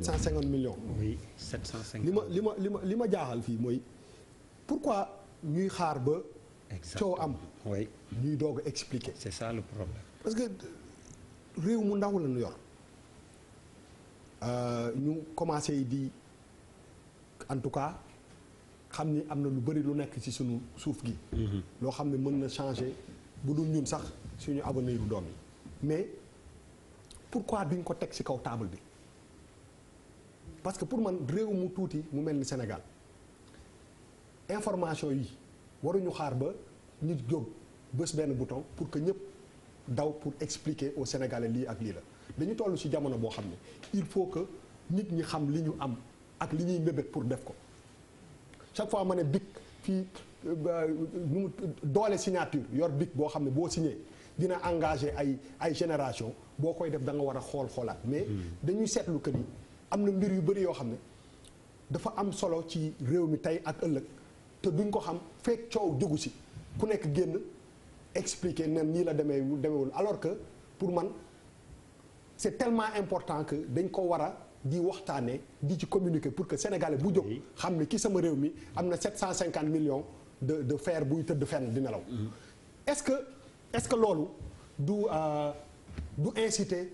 750 millions. oui 750. li ma li ma li ma li ma jaaxal fii mooy pourquoi ñuy xaar ba. coow am. oui ñuy doog a expliquer. c'est ça le problème. parce que réew mu ndaw la ñu yor euh, ñu commencé di en tout cas xam ni am na lu bari lu nekk ci sunu suuf gi. Mhm. loo xam ne mën na changer bu dul ñun sax suñu abonnés yu doom yi mais pourquoi duñ ko teg ci kaw taabal bi. parce que pour man réew mu tuuti mu mel ni Sénégal information yi waruñu xaar ba nit jóg bés benn bouton pour que ñëpp daw pour expliquer aux Sénégalais lii ak lii la dañu toll ci jamono boo xam ne il faut que nit ñi xam li ñu am ak li ñuy mébét pour def ko chaque fois ma ne bic fii nu doole signature yor bic boo xam ne boo signé dina engagé ay ay génération boo koy def da nga war a xool xoolaat mais mm-hmm. dañuy seetlu que ni. am na mbir yu bëri yoo xam ne dafa am solo ci réew mi tey ak ëllëg te duñ ko xam fekk coow juggu si ku nekk génn expliquer nen nii la demee demewul alors que pour man c'est tellement important que dañ ko war a di waxtaanee di ci communiqué pour que sénégalais bu jóg xam ne ki sama réew mi am na 750 millions de de fer buy tëdd fenn di nelaw mm. est-ce que est-ce que loolu du euh, du inciter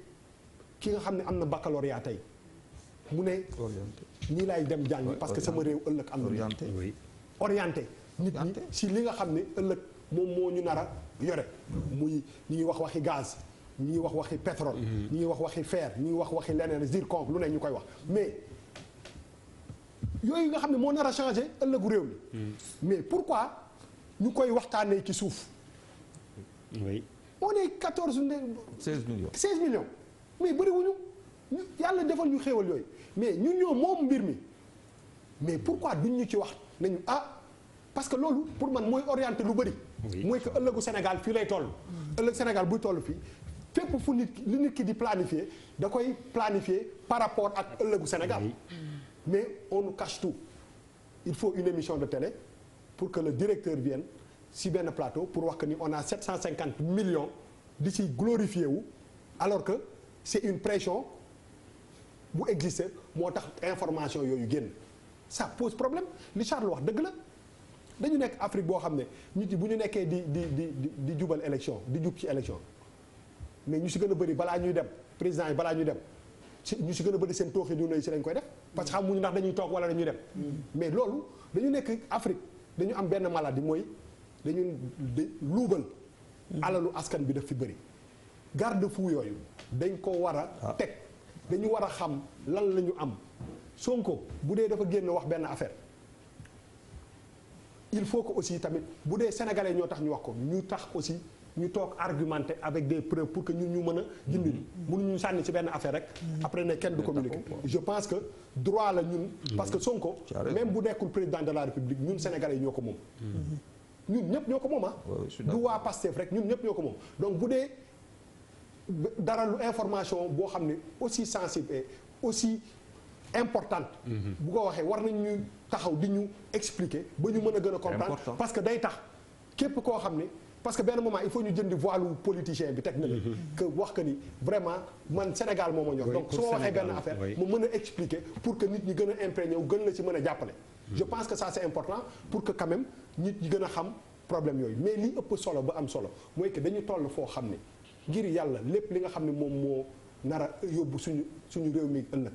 ki nga xam ne am na baccalauréat tey mu ne nii laay dem jàngi parce que sama réew ëllëg am na orienté nit ñi si li nga xam ne ëllëg moom moo ñu nar a yore muy ñu ngi wax waxi gaz ñu ngi wax waxi pétrole mm-hmm. ñu ngi wax waxi fer ñu ngi wax waxi leneen zircon lu ne ñu koy wax mais yooyu nga xam ne moo nar a changé ëllëgu réew mi mm-hmm. mais pourquoi ñu koy waxtaanee ci suuf oui on est quatorze seize millions seize millions mais bëriwuñu yàlla defal ñu xéewal yooyu mais ñun ñoo moom mbir mi mais pourquoi duñ ñu ci wax nañu ah parce que loolu pour man mooy orienté lu bëri. mooy que ëllëgu Sénégal fii lay toll. ëllëg Sénégal buy toll fii fépp fu nit li nit ki di planifier da koy planifier par rapport ak ëllëgu Sénégal. mais on nous tout il faut une émission de télé pour que le directeur vienne si benn plateau pour wax que ni on a 750 millions di ci glorifier wu alors que c'est une pression. bu existé moo tax information yooyu génn sa pose problème li Charles wax dëgg la dañu nekk Afrique boo xam ne nit yi bu ñu nekkee di di di di jubal élection di jub ci élection mais ñu si gën a bëri balaa ñuy dem président yi balaa ñu dem si ñu si gën a bëri seen tooxi du nay si lañ koy def parce que xamuñu ndax dañuy toog wala dañuy dem mm. mais loolu dañu nekk Afrique dañu am benn maladie mooy dañu di luubal alalu askan bi daf fi bëri garde fou yooyu dañ ko war a ah. teg dañu war a xam lan la ñu am Sonko bu dee dafa génn wax benn affaire il faut que aussi tamit bu dee sénégalais ñoo tax ñu wax ko ñu tax aussi ñu toog argumenter avec des preuves pour que ñun ñu mën a gindi mënuñu sànni si benn affaire rek mm. après ne kenn du communiquer je pense que droit la ñun mm. parce que Sonko même bu nekkul président de la République ñun sénégalais yi ñoo ko moom mm. ñun ñëpp ñoo ko moom ah du waa rek ñun ñëpp ñoo ko moom donc bu dee dara lu information boo xam ne aussi sensible et aussi importante mhm. bu ko waxee war nañ ñu taxaw di ñu expliquer ba ñu mën a gën a comprendre parce que day tax képp koo xam ni parce que benn moment il faut ñu jëndi voilu politicien bi teg na leen mhm. que wax que ni vraiment man Sénégal moom ma ñor donc su ma waxee benn affaire mu mën a expliquer pour que nit ñi gën a imprégné wu gën la ci mën a jàppale mhm. je pense que ça c'est important pour que quand même nit ñi gën a xam problème yooyu mais ëpp solo ba am solo mooy que dañu toll foo xam ne ngir yàlla lépp li nga xam ne moom moo nar a yóbbu suñu suñu réew mi ëllëg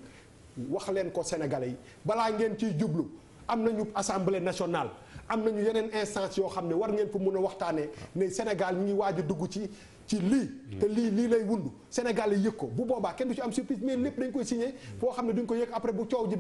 wax leen ko sénégalais yi balaa ngeen ciy jublu am na nañu assemblée nationale am na ñu yeneen instance yoo xam ne war ngeen ko mën a waxtaanee ne Sénégal ñu ngi waaj a dugg ci ci lii mm. te lii lii lay wund Sénégal yi yëg ko bu boobaa kenn du ci am surprise mais lépp dañ koy signé foo xam ne duñ ko yëg après bu coow ji